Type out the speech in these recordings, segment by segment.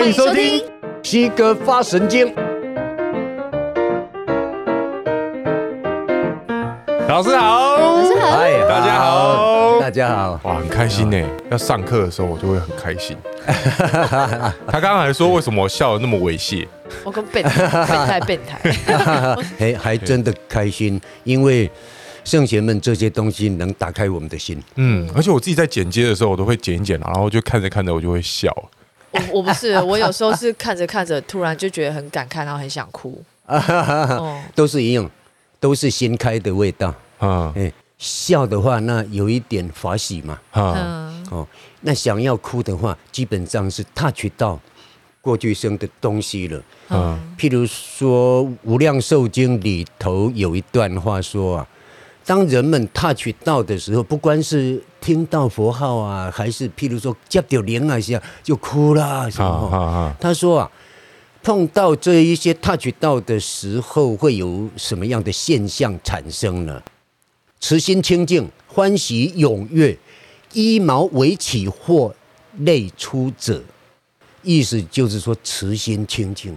歡迎收聽西哥發神經。老師好，老師好, Hi, 好，大家好，大家好。哇，很開心呢！要上課的時候，我就會很開心。 他剛剛還說，為什麼我笑得那麼猥褻？我個變態，變態。還還真的開心，因為聖賢們這些東西能打開我們的心。嗯，而且我自己在剪接的時候，我都會剪一剪，然後就看着看着，我就會笑。我我不是，我有時候是看着看着， 突然就覺得很感慨，然後很想哭。都是一樣，都是新開的味道啊、哦欸！笑的話，那有一點法喜嘛哦。哦，那想要哭的話，基本上是 touch 到過去生的東西了。啊、嗯，譬如說《無量壽經》裡頭有一段話說啊。當人們踏取道的時候，不管是聽到佛號啊，還是譬如說加掉蓮那些，就哭了什麼。他說啊，碰到這一些踏取道的時候，會有什麼樣的現象產生呢？慈心清淨，歡喜踴躍，衣毛為起或淚出者，意思就是說慈心清淨。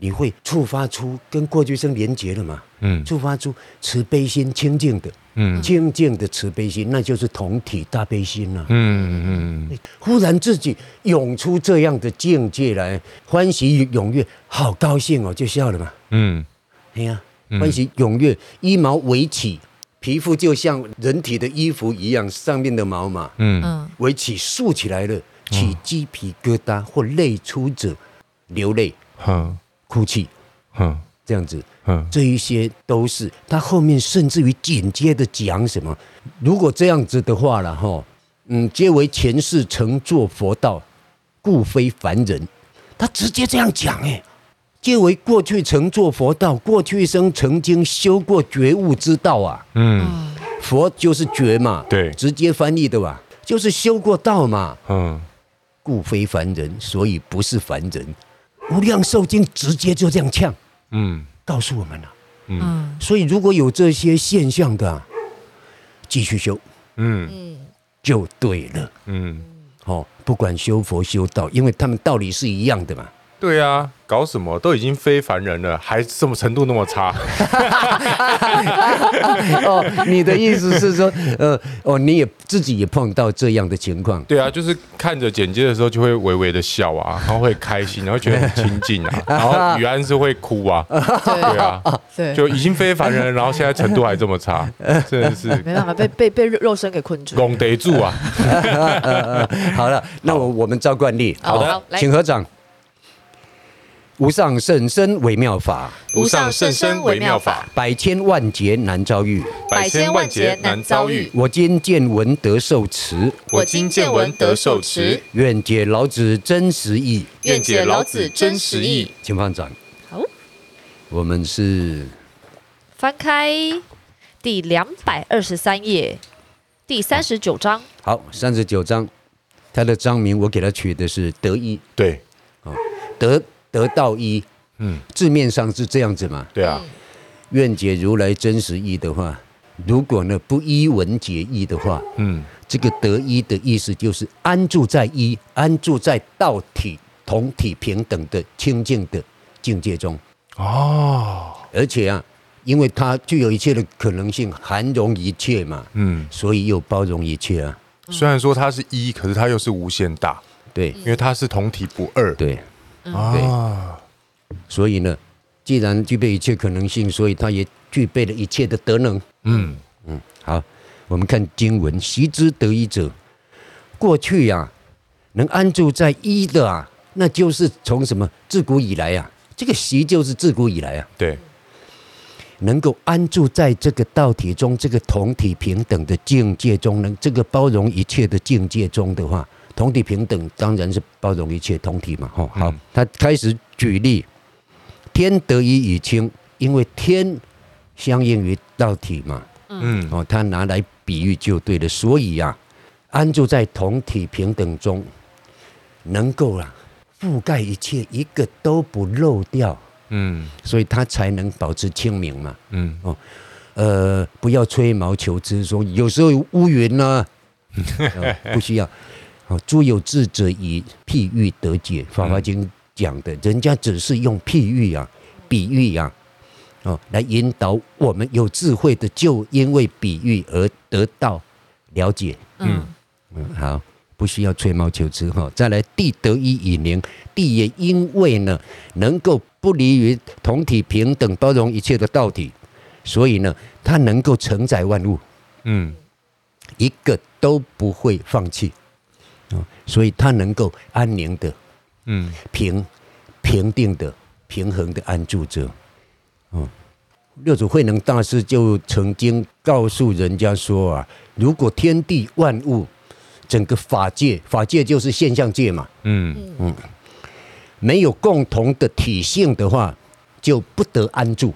你會觸發出跟過去生連接了嘛？嗯，觸發出慈悲心清淨的，嗯，清淨的慈悲心，那就是同體大悲心了，啊。嗯嗯，忽然自己湧出這樣的境界來，歡喜踴躍，好高興哦，就笑了嘛。嗯，哎、呀嗯，歡喜踴躍，衣毛為起，皮膚就像人體的衣服一樣，上面的毛嘛，嗯為起豎起來了，起雞皮疙瘩或淚出者流淚。嗯哭泣，嗯，這樣子，嗯，嗯，這一些都是他後面甚至於緊接着講什麼？如果這樣子的話了哈，嗯，皆為前世曾做佛道，故非凡人。他直接這樣講，哎，皆為過去曾做佛道，過去生曾經修過覺悟之道啊。嗯，佛就是覺嘛，對，直接翻譯的吧，就是修過道嘛。嗯，故非凡人，所以不是凡人。無量壽經直接就這樣嗆，嗯，告訴我們了，嗯，所以如果有這些現象的，繼續修，嗯，就對了，嗯，好，不管修佛修道，因為他們道理是一樣的嘛。對啊，搞什麼都已經非凡人了，還什麼程度那麼差？哦、 oh,，你的意思是說，呃，哦、oh,，你也自己也碰到這樣的情況？對啊，就是看着剪接的時候就會微微的笑啊，然後會開心，然後覺得很親近啊。 然後原安是會哭啊， 對啊， 就已經非凡人了，然後現在程度還這麼差，真的是沒辦法被被被肉身給困住了，拱得住啊。 好了，那我我們照慣例，好，好的好，請合掌。無上甚深微妙法，無上甚深微妙法，百千萬劫難遭遇，百千萬劫難遭遇。我今見聞得受持，我今見聞得受持，願解老子真實意，願解老子真實意。請放掌，好、哦，我們是翻開第兩百二十三頁，第三十九章、哦。好，三十九章，他的章名我給他取的是“德一”，對，啊、哦，德。得道一，嗯，字面上是這樣子嘛？嗯、對啊。願解如來真實意的話，如果呢不依文解義的話，嗯，這個得一的意思就是安住在一，安住在道體同體平等的清淨的境界中。哦。而且啊，因為它具有一切的可能性，含容一切嘛，嗯，所以又包容一切啊。雖然說它是一，可是它又是無限大。對，因為它是同體不二。對。啊、嗯，所以呢，既然具備一切可能性，所以他也具備了一切的德能。嗯嗯，好，我們看經文，昔之得一者，過去呀、啊，能安住在一的啊，那就是從什麼？自古以來啊，這個昔就是自古以來啊，對，能夠安住在這個道體中，這個同體平等的境界中，能這個包容一切的境界中的話。同體平等當然是包容一切同體嘛，吼、哦，好、嗯，他開始舉例，天得一以清，因為天相應於道體嘛，嗯，哦，他拿來比喻就對了，所以呀、啊，安住在同體平等中，能夠啊覆蓋一切，一個都不漏掉，嗯，所以他才能保持清明嘛，嗯，哦，呃，不要吹毛求疵，說有時候有烏雲呢、啊呃，不需要。 哦，諸有智者以譬喻得解，《法華經》講的，人家只是用譬喻啊、比喻啊，哦，來引導我們有智慧的，就因為比喻而得到了解。嗯嗯，好，不需要吹毛求疵哈。再來，地得一以寧，地也因為呢，能夠不離於同體平等、包容一切的道體，所以呢，它能夠承載萬物。嗯，一個都不會放棄。所以，他能夠安寧的，嗯，平平定的、平衡的安住者。嗯，六祖慧能大師就曾經告訴人家說啊，如果天地萬物、整個法界，法界就是現象界嘛，嗯嗯，嗯，沒有共同的體性的話，就不得安住。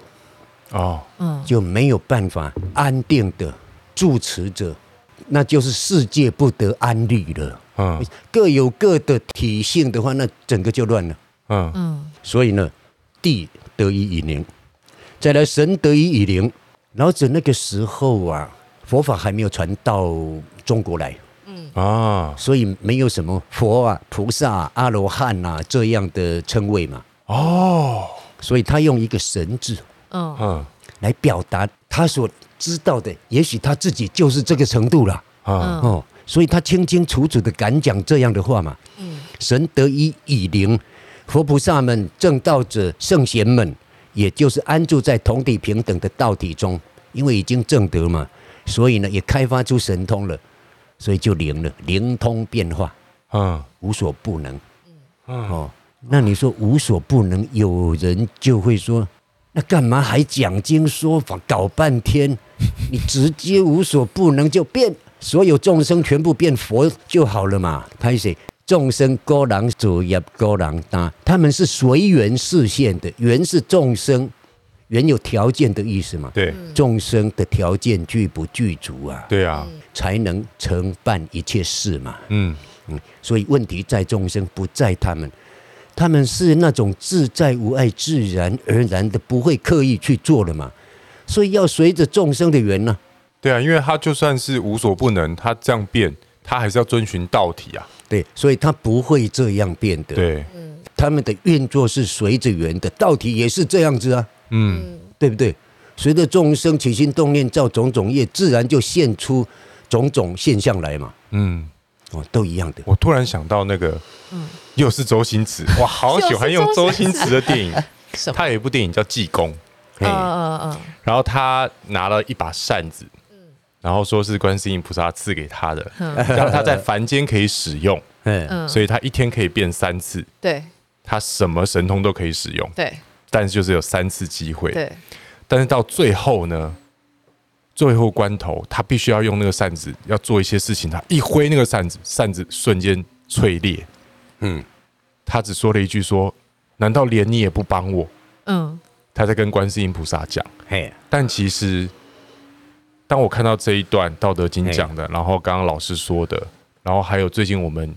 哦，就沒有辦法安定的住持者，那就是世界不得安立了。嗯，各有各的體性的話，那整個就亂了。嗯嗯，所以呢，地得一以寧，再來神得一以靈。老子那個時候啊，佛法還沒有傳到中國來。嗯啊，所以沒有什麼佛啊、菩薩、啊、阿羅漢啊這樣的稱謂嘛。哦，所以他用一個“神”字。嗯、哦，來表達他所知道的，也許他自己就是這個程度了。啊哦。哦所以他清清楚楚的敢講這樣的話嘛？嗯，神得一以靈，佛菩薩們正道者、聖賢們，也就是安住在同體平等的道體中，因為已經證得嘛，所以呢也開發出神通了，所以就靈了，靈通變化，嗯，無所不能，嗯，哦，那你說無所不能，有人就會說，那幹嘛還講經說法，搞半天，你直接無所不能就變。所有眾生全部變佛就好了嘛？他說：“眾生各人作業各人擔，他們是隨緣示現的。緣是眾生原有條件的意思嘛？對，眾生的條件具不具足啊？對啊，才能成辦一切事嘛。嗯嗯，所以問題在眾生，不在他們。他們是那種自在無礙、自然而然的，不會刻意去做的嘛。所以要隨着眾生的緣呢、啊。”對啊，因為他就算是無所不能，他這樣變，他還是要遵循道體啊。對，所以他不會這樣變的。對、嗯，他們的運作是隨着緣的，道體也是這樣子啊。嗯，對不對？隨着眾生起心動念，造種種業，自然就現出種種現象來嘛。嗯，哦，都一樣的。我突然想到那個，嗯、又是周星馳，我好喜歡用周星馳的電影。 什麼？他有一部電影叫《濟公》。嗯嗯嗯。然後他拿了一把扇子。然後說是觀世音菩薩賜給他的，嗯，讓他在凡間可以使用。嗯，所以他一天可以變三次。對，他什麼神通都可以使用。對，但是就是有三次機會。對，但是到最後呢，最後關頭，他必須要用那個扇子，要做一些事情。他一揮那個扇子，扇子瞬間碎裂。嗯，他只說了一句說：“說難道連你也不幫我？”嗯，他在跟觀世音菩薩講。嘿，但其實。當我看到這一段《道德經》講，欸、的，然後剛剛老師說的，然後還有最近我們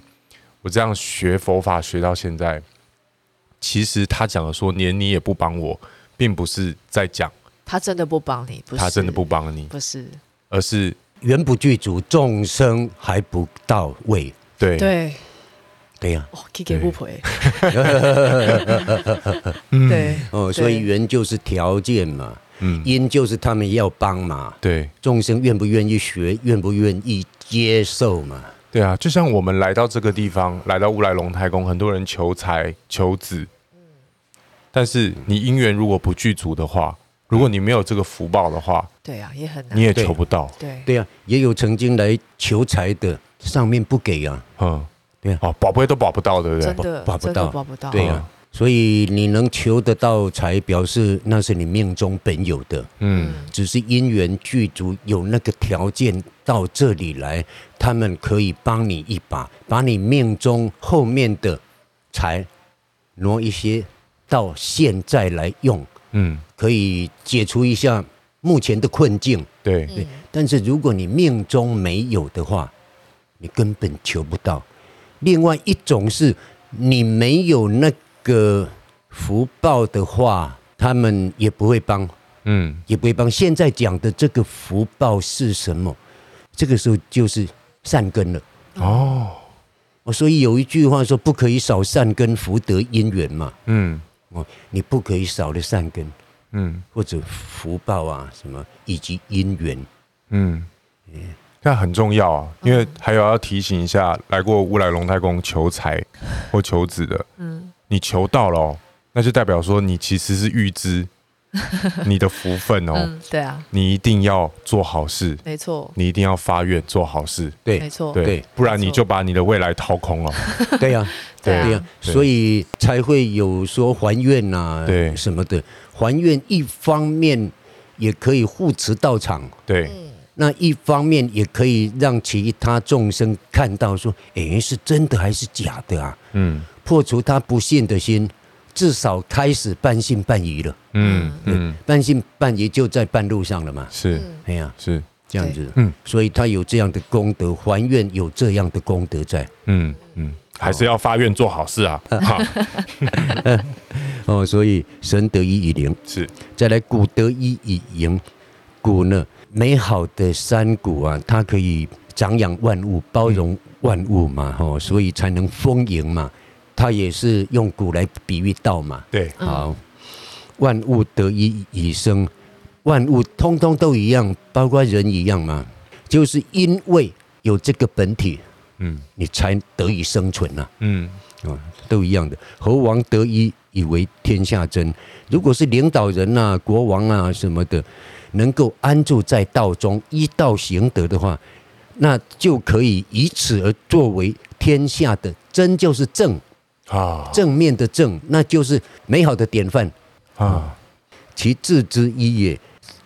我這樣學佛法學到現在，其實他講的說連你也不幫我，並不是在講他真的不幫你。不是，他真的不幫你，不是，而是緣不具足，眾生還不到位，對對，對呀，哦，給給不賠，對、， 嗯、對哦，所以緣就是條件嘛。嗯、因就是他們要幫嘛，對眾生願不願意學，願不願意接受嘛？對啊，就像我們來到這個地方，嗯、來到烏來龍太宮，很多人求財、求子、嗯，但是你姻緣如果不具足的話、嗯，如果你沒有這個福報的話，對啊，也很難，你也求不到，對啊對，對啊，也有曾經來求財的，上面不給啊，嗯、對啊，哦，寶貝都保不到，對不對？保不到，真的保不到，保不到，對啊。所以你能求得到，才表示那是你命中本有的。嗯，只是因緣具足，有那個條件到這裡來，他們可以幫你一把，把你命中後面的財挪一些到現在來用。嗯，可以解除一下目前的困境。對、嗯、對，但是如果你命中沒有的話，你根本求不到。另外一種是你沒有那個。個福報的話，他們也不會幫，嗯，也不會幫。現在講的這個福報是什麼？這個時候就是善根了哦。我所以有一句話說，不可以少善根福德因緣嘛，嗯，哦，你不可以少了善根，嗯，或者福報啊什麼，以及因緣，嗯，那很重要啊。因為還有要提醒一下，嗯，來過烏來龍太公求財或求子的，嗯。你求到了、哦，那就代表說你其實是預知 你的福分哦、嗯。對啊，你一定要做好事。沒錯，你一定要發願做好事。對，對，對，沒錯，對，不然你就把你的未來掏空了、哦。對呀、啊，對呀、啊啊啊，所以才會有說還願吶、啊，對什麼的還願，一方面也可以護持道場。對，對，那一方面也可以讓其他眾生看到說，哎，是真的還是假的啊？嗯。破除他不信的心，至少開始半信半疑了。嗯嗯，半信半疑就在半路上了嘛。是，哎呀、啊，是這樣子。嗯，所以他有這樣的功德，還願有這樣的功德在。嗯嗯，還是要發願做好事啊。哈、哦、啊、 哦，所以神得一以靈是，再來谷得一以以盈，谷呢，美好的山谷啊，它可以長養萬物，包容萬物嘛，吼、哦，所以才能豐盈嘛。他也是用谷來比喻道嘛？對，好，萬物得一以，以生，萬物通通都一樣，包括人一樣嘛。就是因為有這個本體，嗯，你才得以生存吶。嗯，啊，都一樣的。侯王得一以，以為天下真。如果是領導人吶、啊、國王啊什麼的，能夠安住在道中，依道行德的話，那就可以以此而作為天下的真，就是正。啊、oh.，正面的正，那就是美好的典範啊，oh. 其致之一也。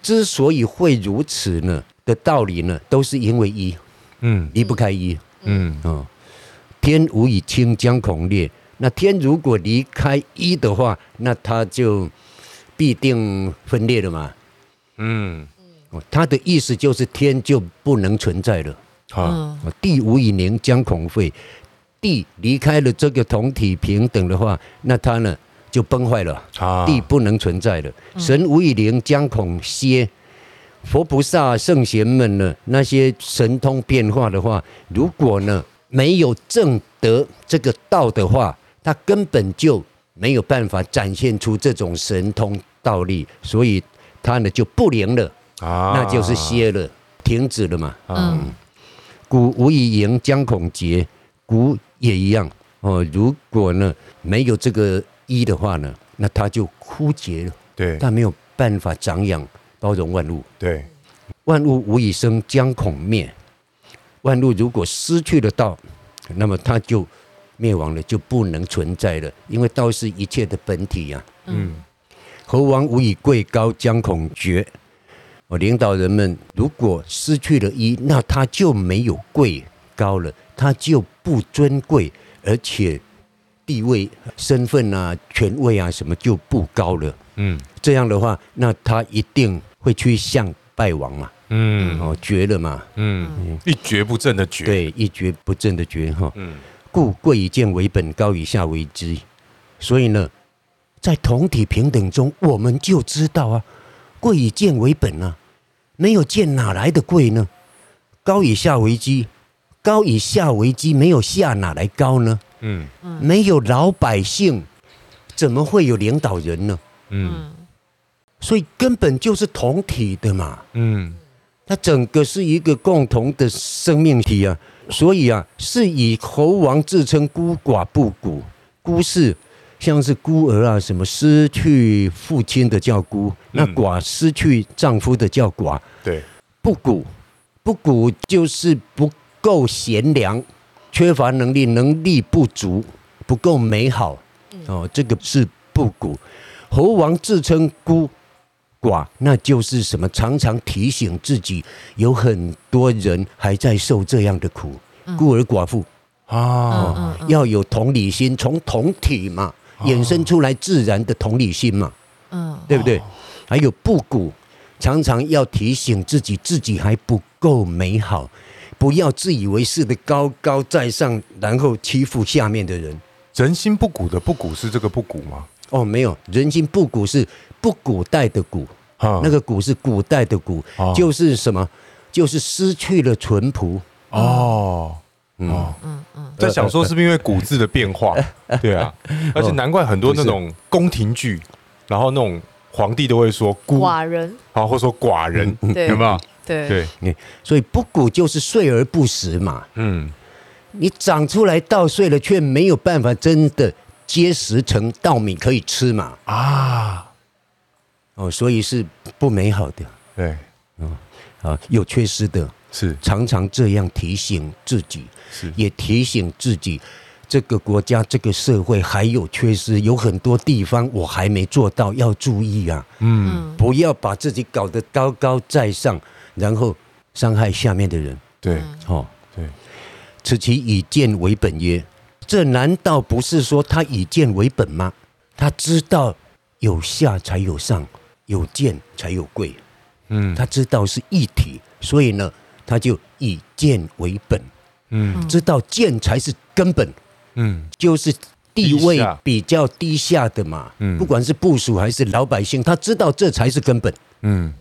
之所以會如此呢的道理呢，都是因為一，嗯，離不開一，嗯啊。天無以清，將恐裂；那天如果離開一的話，那它就必定分裂了嘛。嗯，它的意思就是天就不能存在了。啊，地無以寧，將恐廢。地離開了這個同體平等的話，那它呢就崩壞了啊，地不能存在了。神無以靈，將恐歇。佛菩薩聖賢們呢，那些神通變化的話，如果呢沒有證得這個道的話，他根本就沒有辦法展現出這種神通道力，所以他呢就不靈了啊，那就是歇了，停止了嘛。嗯，谷無以盈，將恐竭。谷也一樣哦。如果呢沒有這個一的話呢，那它就枯竭了。對，它沒有辦法長養、包容萬物。對，萬物無以生，將恐滅。萬物如果失去了道，那麼它就滅亡了，就不能存在了。因為道是一切的本體呀、啊。嗯，侯王無以貴高，將恐蹶。我領導人們，如果失去了一，那他就沒有貴高了。他就不尊貴，而且地位、身份啊、權位啊什麼就不高了。嗯，這樣的話，那他一定會去向拜王嘛、啊。嗯，哦、嗯，絕了嘛。嗯，嗯一蹶不振的蹶。對，一蹶不振的蹶哈、哦。嗯，故貴以賤為本，高以下為基。所以呢，在同體平等中，我們就知道啊，貴以賤為本啊，沒有賤哪來的貴呢？高以下為基。高以下為基，沒有下哪來高呢？嗯，沒有老百姓，怎麼會有領導人呢？嗯，所以根本就是同體的嘛。嗯，它整個是一個共同的生命體啊。所以啊，是以侯王自稱孤寡不穀、孤。孤是像是孤兒啊，什麼失去父親的叫孤，那寡失去丈夫的叫寡。對，不穀，不穀就是不。夠賢良，缺乏能力，能力不足，不夠美好哦。這個是不穀。侯王自稱孤寡，那就是什麼？常常提醒自己，有很多人還在受這樣的苦，孤兒寡婦啊，要有同理心，從同體嘛衍生出來自然的同理心嘛，嗯，對不對？還有不穀，常常要提醒自己，自己還不夠美好。不要自以為是的高高在上，然後欺負下面的人。人心不古的“不古”是這個“不古”嗎？哦，沒有，人心不古是不古代的古，啊、嗯，那個“古”是古代的古，哦，就是什麼？就是失去了淳樸。哦，哦，嗯嗯，嗯，嗯，在想說是不是因為古字的變化？嗯嗯、對啊，而且難怪很多那種宮廷劇，哦就是，然後那種皇帝都會說“寡人”，啊、哦，或者說“寡人、嗯對”，有沒有？對，你所以不穀就是穗而不實嘛。嗯，你長出來稻穗了，卻沒有辦法真的結實成稻米可以吃嘛？啊，哦，所以是不美好的。對，啊，有缺失的。是常常這樣提醒自己，是也提醒自己，這個國家這個社會還有缺失，有很多地方我還沒做到，要注意啊。嗯，不要把自己搞得高高在上。然後傷害下面的人，對，好、哦，對，此其以賤為本也？這難道不是說他以賤為本嗎？他知道有下才有上，有賤才有貴，嗯，他知道是一體，所以呢，他就以賤為本，嗯，知道賤才是根本，嗯，就是地位比較低下的嘛，嗯，不管是部屬還是老百姓，他知道這才是根本，嗯。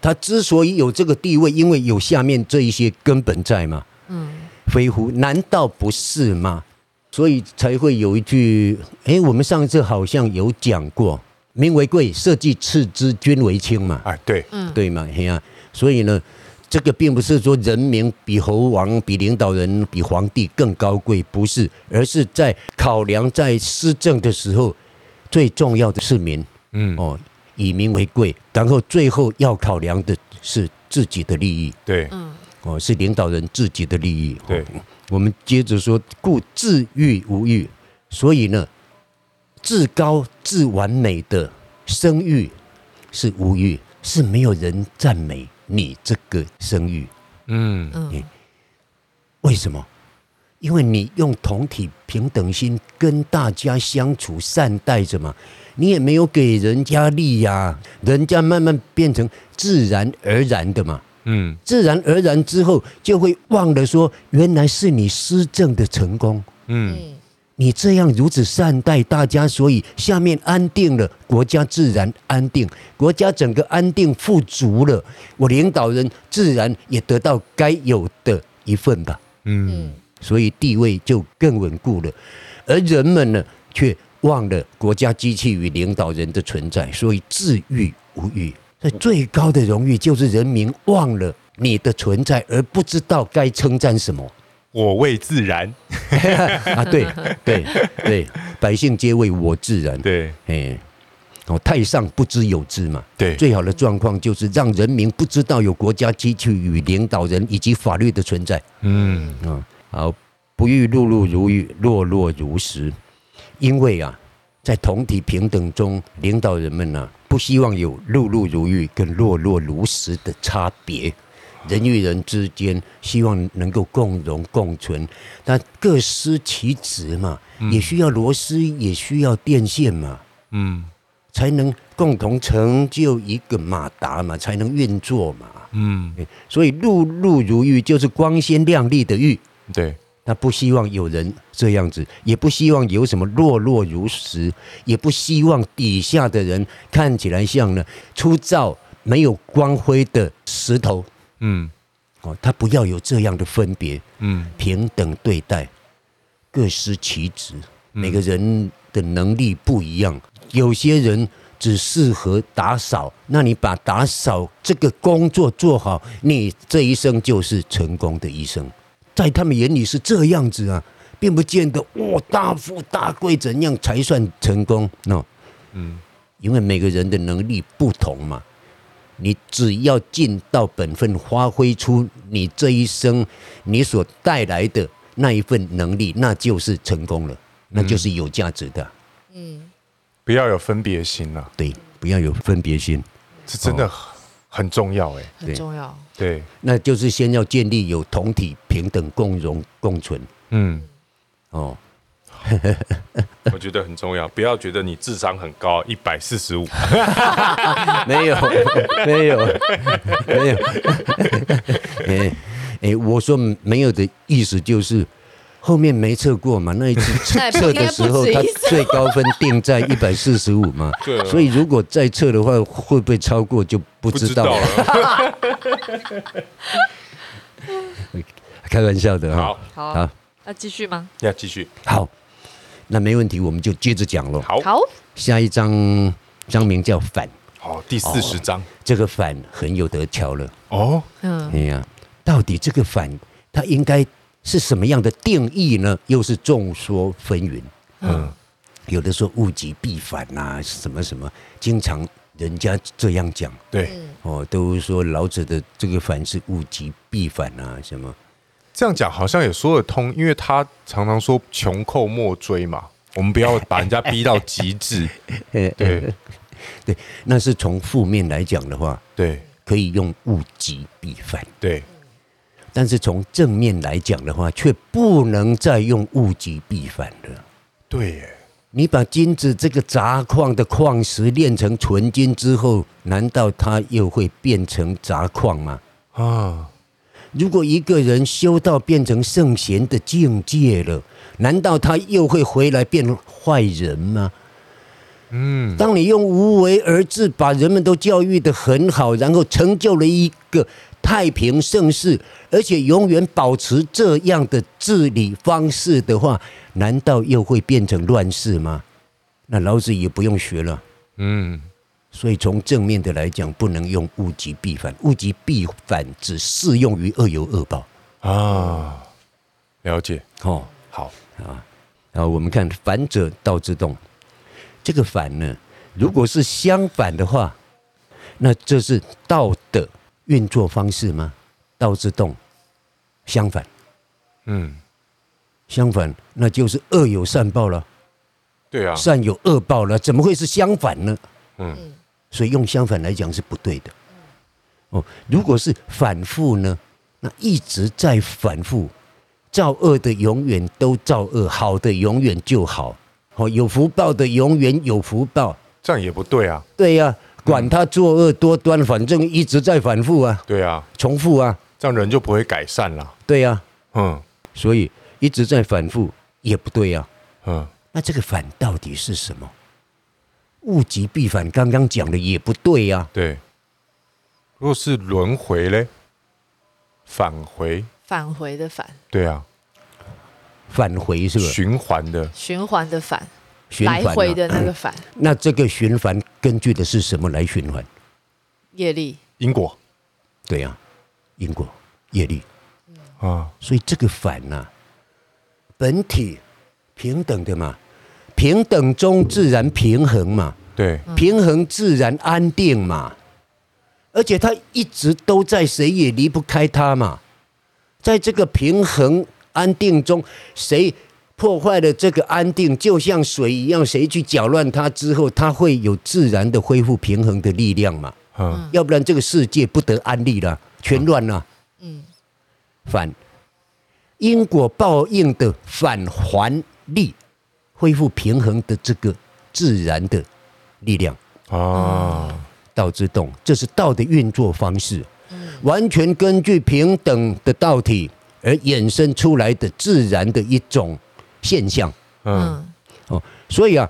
他之所以有這個地位，因為有下面這一些根本在嘛，嗯，非乎，難道不是嗎？所以才會有一句，誒，我們上一次好像有講過，民為貴，社稷次之，君為輕嘛，啊，對，對嘛，嘿呀、啊，所以呢，這個並不是說人民比猴王、比領導人、比皇帝更高貴，不是，而是在考量在施政的時候，最重要的，是民，嗯，哦。以民為貴，然後最後要考量的是自己的利益，對，哦，是領導人自己的利益。對，我們接着說，故至譽無譽，所以呢，至高至完美的聲譽是無譽，是沒有人讚美你這個聲譽。嗯。嗯，為什麼？因為你用同體平等心跟大家相處善待着嘛，你也沒有給人家力呀、啊，人家慢慢變成自然而然的嘛，嗯，自然而然之後就會忘了說，原來是你施政的成功，嗯，你這樣如此善待大家，所以下面安定了，國家自然安定，國家整個安定富足了，我領導人自然也得到該有的一份吧，嗯。所以地位就更穩固了，而人們呢，卻忘了國家機器與領導人的存在，所以至譽無譽。所以最高的榮譽就是人民忘了你的存在，而不知道該稱讚什麼。我為自然 啊，對對對，百姓皆為我自然。對，哎，哦，太上不知有之嘛。對，最好的狀況就是讓人民不知道有國家機器與領導人以及法律的存在。嗯，嗯，嗯啊！不欲碌碌如玉，落落如石，因為啊，在同體平等中，領導人們呢、啊，不希望有碌碌如玉跟落落如石的差別。人與人之間，希望能夠共榮共存，但各司其職嘛、嗯，也需要螺絲，也需要電線嘛，嗯，才能共同成就一個馬達嘛，才能運作嘛，嗯。所以碌碌如玉就是光鮮亮麗的玉。對他不希望有人這樣子，也不希望有什麼落落如石，也不希望底下的人看起來像呢，粗糙沒有光輝的石頭。嗯，哦，他不要有這樣的分別。嗯，平等對待，各司其職。每個人的能力不一樣、嗯，有些人只適合打掃，那你把打掃這個工作做好，你這一生就是成功的一生。在他們眼裡是這樣子啊，並不見得我、哦、大富大貴怎樣才算成功？喏、哦，嗯，因為每個人的能力不同嘛，你只要盡到本分，發揮出你這一生你所帶來的那一份能力，那就是成功了，嗯、那就是有價值的。嗯，不要有分別心了，對，不要有分別心、嗯，這真的很重要哎、欸，很重要。對，那就是先要建立有同體平等、共榮共存。嗯，哦，我覺得很重要。不要覺得你智商很高，一百四十五，沒有，沒有，沒有。哎，我說沒有的意思就是。後面沒測過嘛？那一次測的時候，他最高分定在一百四十五嘛。 所以如果再測的話，會不會超過就不知道了。 開玩笑的哈。好。好。要繼續嗎？要繼續。好。那沒問題，我們就接着講嘍。好。下一章，章名叫反。好、哦。第四十章，這個反很有得瞧了。哦。嗯。哎呀，到底這個反，它應該。是什麼樣的定義呢？又是眾說紛紜。嗯，有的說物極必反吶、啊，什麼什麼，經常人家這樣講。對，哦，都說老子的這個反是物極必反啊，什麼這樣講好像也說得通，因為他常常說窮寇莫追嘛，我們不要把人家逼到極致。 對，對，那是從負面來講的話，對，可以用物極必反。對。但是從正面來講的話，卻不能再用物極必反了。對，你把金子這個雜礦的礦石煉成純金之後，難道它又會變成雜礦嗎？啊、哦，如果一個人修道變成聖賢的境界了，難道他又會回來變壞人嗎？嗯，當你用無為而治把人們都教育得很好，然後成就了一個太平盛世，而且永遠保持這樣的治理方式的話，難道又會變成亂世嗎？那老子也不用學了。嗯，所以從正面的來講，不能用物極必反。物極必反只適用於惡有惡報啊、哦。了解哦，好啊。然後我們看反者道之動，這個反呢，如果是相反的話，嗯、那這是道的。運作方式嗎？道之動，相反，嗯，相反，那就是惡有善報了，對啊，善有惡報了，怎麼會是相反呢？嗯，所以用相反來講是不對的。哦、嗯，如果是反復呢？那一直在反復，造惡的永遠都造惡，好的永遠就好，好有福報的永遠有福報，這樣也不對啊。對呀、啊。管他作惡多端，反正一直在反覆啊。對啊，重複啊，這樣人就不會改善了。對啊，嗯，所以一直在反覆也不對啊。嗯，那這個反到底是什麼？物極必反，剛剛講的也不對呀、啊。對。若是輪回嘞？返回？返回的返？對啊，返回是不是循環的？循環的反？循環、啊、的那個反、嗯，那這個循環根據的是什麼來循環？業力、因果，對呀、啊，因果、業力，啊、嗯，所以這個反吶、啊，本體平等的嘛，平等中自然平衡嘛，對、嗯，平衡自然安定嘛，而且他一直都在，誰也離不開他嘛，在這個平衡安定中，誰？破壞了這個安定，就像水一樣，誰去攪亂它之後，它會有自然的恢復平衡的力量嘛？啊、嗯，要不然這個世界不得安寧了，全亂了。嗯，反因果報應的返還力，恢復平衡的這個自然的力量啊、哦，道之動，這是道的運作方式、嗯，完全根據平等的道體而衍生出來的自然的一種。現象，嗯，哦，所以啊，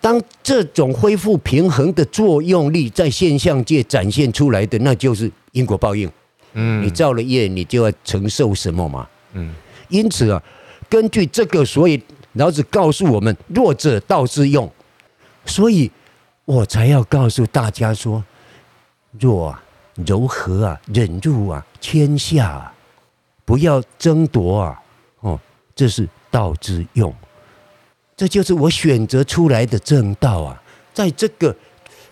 當這種恢復平衡的作用力在現象界展現出來的，那就是因果報應。嗯，你造了業，你就要承受什麼嘛？嗯，因此啊，根據這個，所以老子告訴我們：弱者道之用。所以我才要告訴大家說：弱啊、柔和啊，忍住啊，謙下、啊、不要爭奪啊。哦，這是。道之用，這就是我選擇出來的正道啊！在這個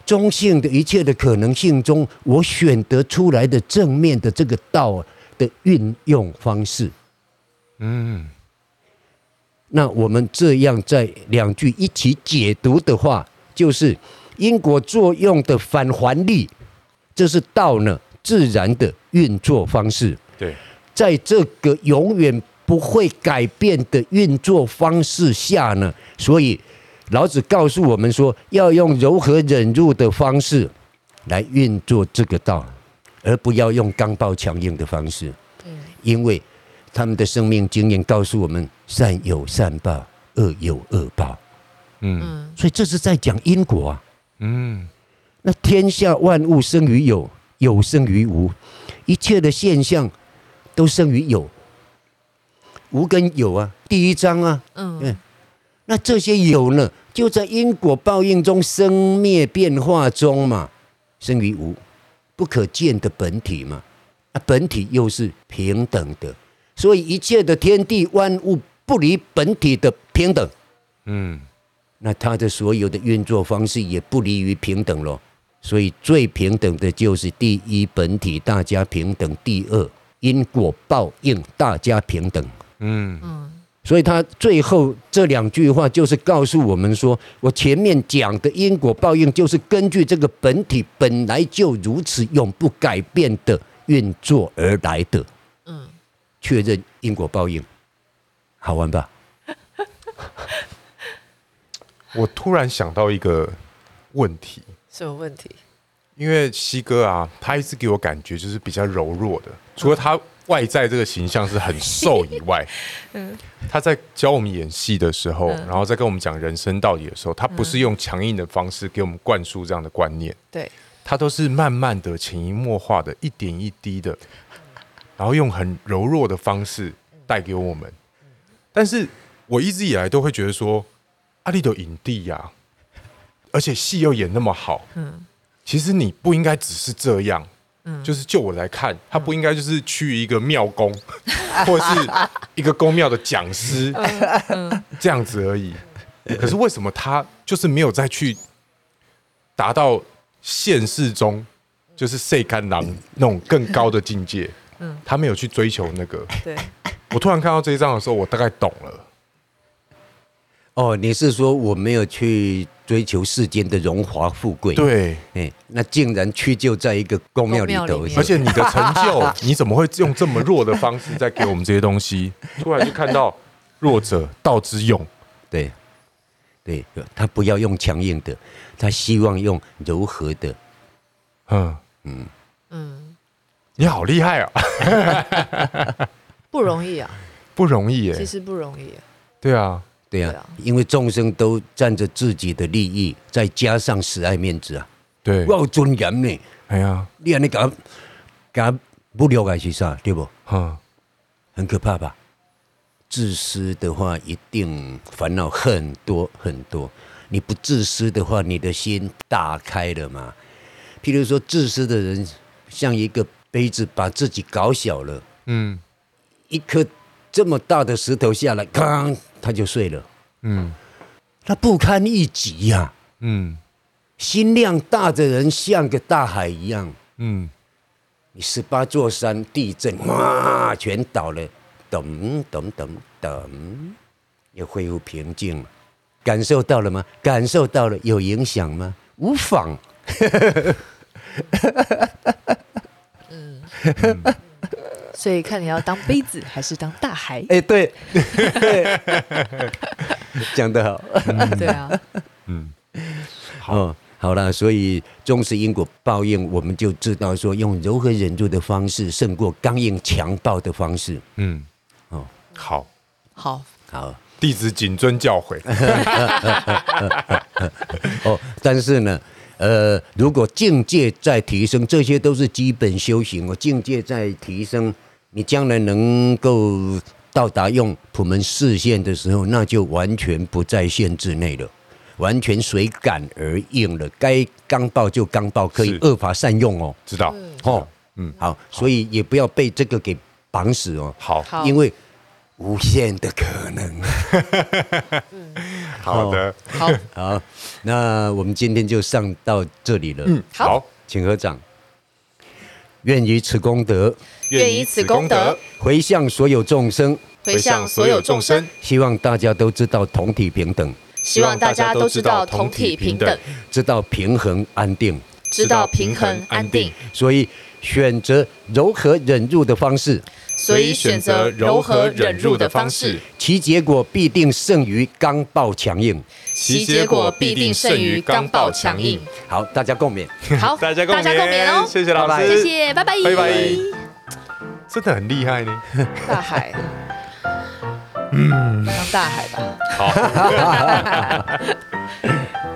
中性的一切的可能性中，我選擇出來的正面的這個道的運用方式。嗯，那我們這樣在兩句一起解讀的話，就是因果作用的返還力，這是道呢，自然的運作方式。對，在這個永遠。不會改變的運作方式下呢，所以老子告訴我們說，要用柔和忍辱的方式，來運作這個道，而不要用剛暴強硬的方式。因為他們的生命經驗告訴我們，善有善報，惡有惡報。嗯，所以這是在講因果啊。嗯，那天下萬物生於有，有生於無，一切的現象都生於有。無跟有啊，第一章啊，嗯、欸，那這些有呢，就在因果報應中生滅變化中嘛，生於無，不可見的本體嘛，啊、本體又是平等的，所以一切的天地萬物不離本體的平等，嗯，那他的所有的運作方式也不離於平等咯。所以最平等的就是第一本體大家平等，第二因果報應大家平等。嗯，所以他最後這兩句話就是告訴我們：說我前面講的因果報應，就是根據這個本體本來就如此，永不改變的運作而來的。嗯，確認因果報應，好玩吧，嗯。我突然想到一個問題，什麼問題？因為西哥啊，他一直給我感覺就是比較柔弱的，除了他。外在這個形象是很瘦以外，嗯，他在教我們演戲的時候，然後再跟我們講人生道理的時候，他不是用強硬的方式給我們灌輸這樣的觀念，對，他都是慢慢的、潛移默化的，一點一滴的，然後用很柔弱的方式帶給我們。但是我一直以來都會覺得說，阿里的影帝呀，而且戲又演那麼好，嗯，其實你不應該只是這樣。就是就我來看，他不應該就是去一個廟宮，或者是一個宮廟的講師 這樣子而已、嗯嗯。可是為什麼他就是沒有再去達到現世中就是碎干狼那種更高的境界、嗯？他沒有去追求那個。對，我突然看到這一章的時候，我大概懂了。哦，你是說我沒有去追求世間的榮華富貴？對，哎，那竟然屈就在一個宮廟裡頭，里而且你的成就， 你怎麼會用這麼弱的方式在給我們這些東西？突然就看到弱者道之用，對，對，他不要用強硬的，他希望用柔和的，嗯嗯嗯，你好厲害啊， 不容易啊，不容易，其實不容易啊，對啊。對啊，因為眾生都佔着自己的利益，再加上死愛面子啊，對，要尊嚴呢。哎呀，你還你敢敢不了解是啥，對不？哈，很可怕吧？自私的話，一定煩惱很多很多。你不自私的話，你的心打開了嘛？譬如說，自私的人像一個杯子，把自己搞小了。嗯，一顆這麼大的石頭下來，剛。他就睡了，嗯，他不堪一擊呀、啊，嗯，心量大的人像個大海一樣，嗯，你十八座山地震哇，全倒了，噔噔噔噔，又恢復平靜了，感受到了嗎？感受到了，有影響嗎？無妨， 嗯 所以看你要當杯子還是當大海。哎、欸，對，講 得好。嗯、 對啊，嗯，好，哦、好了，所以重視因果報應，我們就知道說，用柔和忍住的方式勝過剛硬強暴的方式。嗯，好、哦、好好，弟子謹遵教誨 哦。但是呢，呃，如果境界再提升，這些都是基本修行。我境界再提升。你將來能夠到達用普門示現的時候，那就完全不在限制內了，完全隨感而應了，該剛爆就剛爆，可以惡法善用哦。知道，哦，嗯，嗯好，好，所以也不要被這個給綁死哦。好，好，因為無限的可能。 嗯好，好的，好，好，那我們今天就上到這裡了。嗯，好，請合掌。願以此功德，願以此功德回向所有眾生，回向所有眾生。希望大家都知道同體平等，希望大家都知道同體平等，知道平衡安定，知道平衡安定。安定，所以選擇柔和忍辱的方式，所以選擇柔和忍辱的、的方式，其結果必定勝於剛暴強硬。其結果必定勝於剛暴強硬。好，大家共勉。好，大家共勉哦。 謝謝老板，謝謝，拜拜。拜拜 真的很厲害呢，大海。 嗯，當大海吧。好。 好好好好